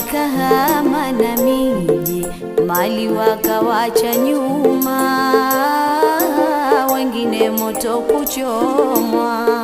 wakahama na miji, mali wakawacha nyuma, wengine moto kuchomwa.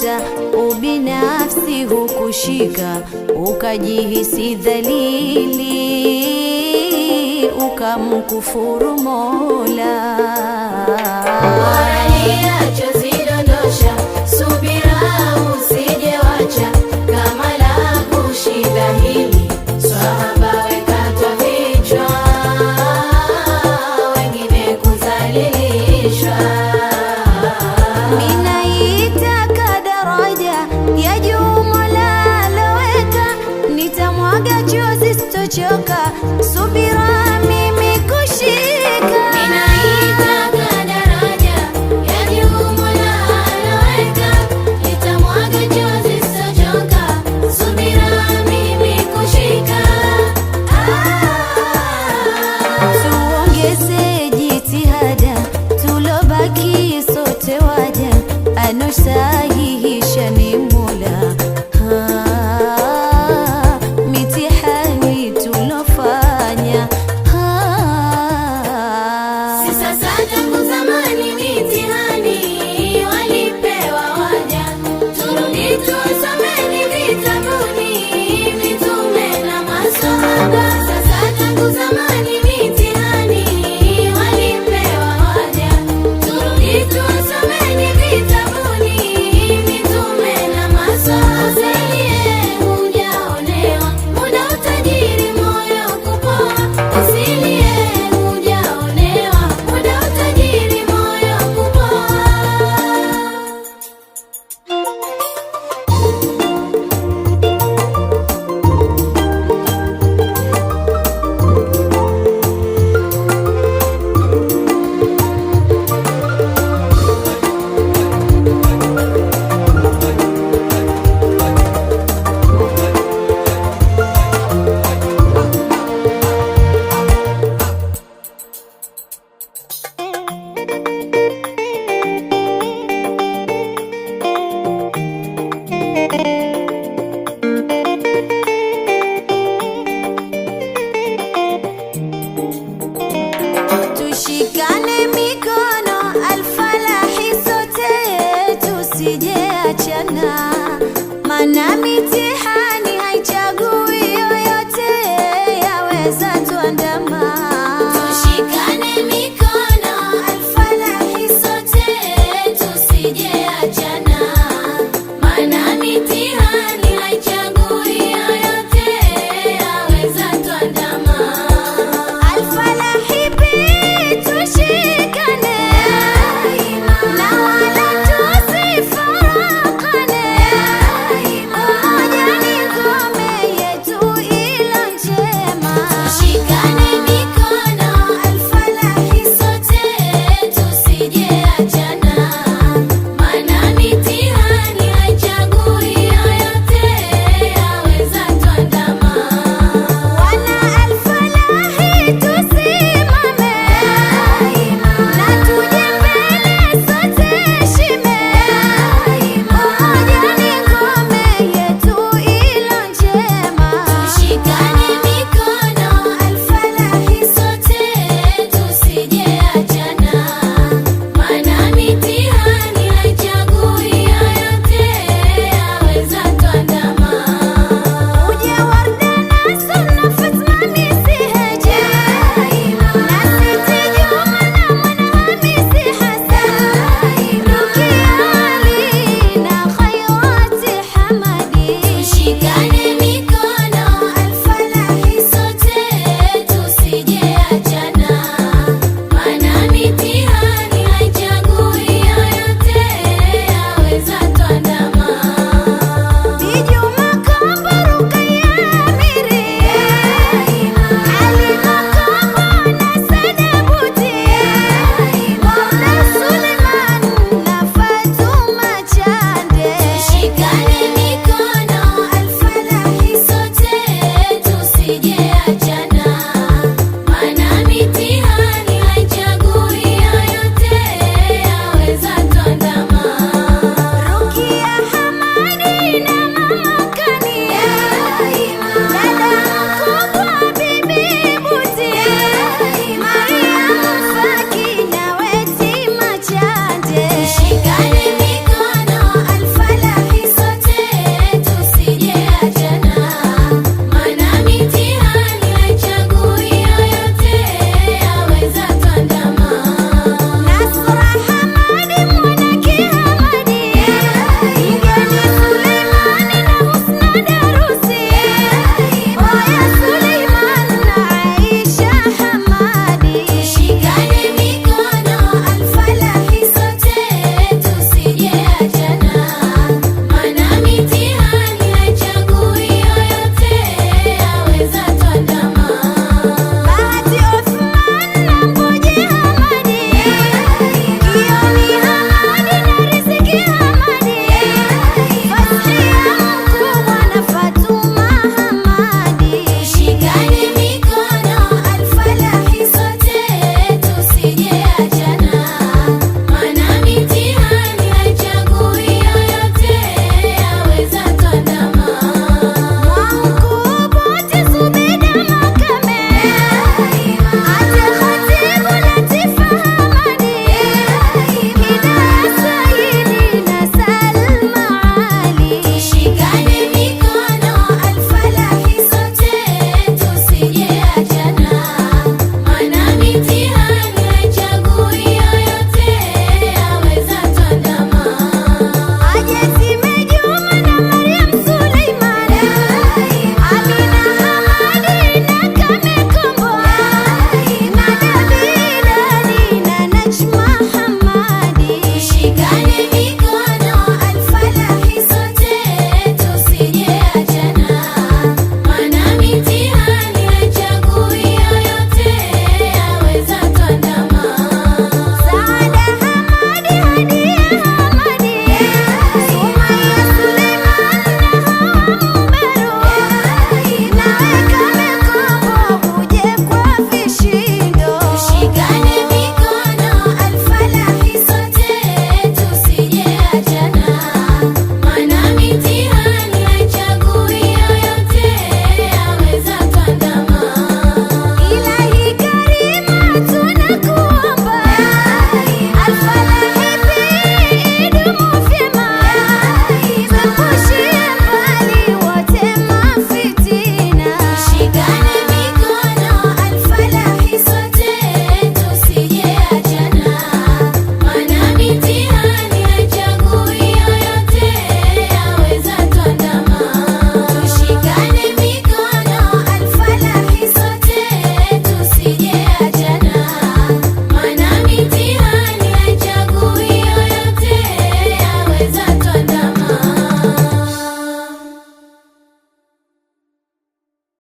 kuvuta, ubinafsi hukushika, ukajihisi dhalili, ukamkufuru Mola. Bora ninachozidondosha subira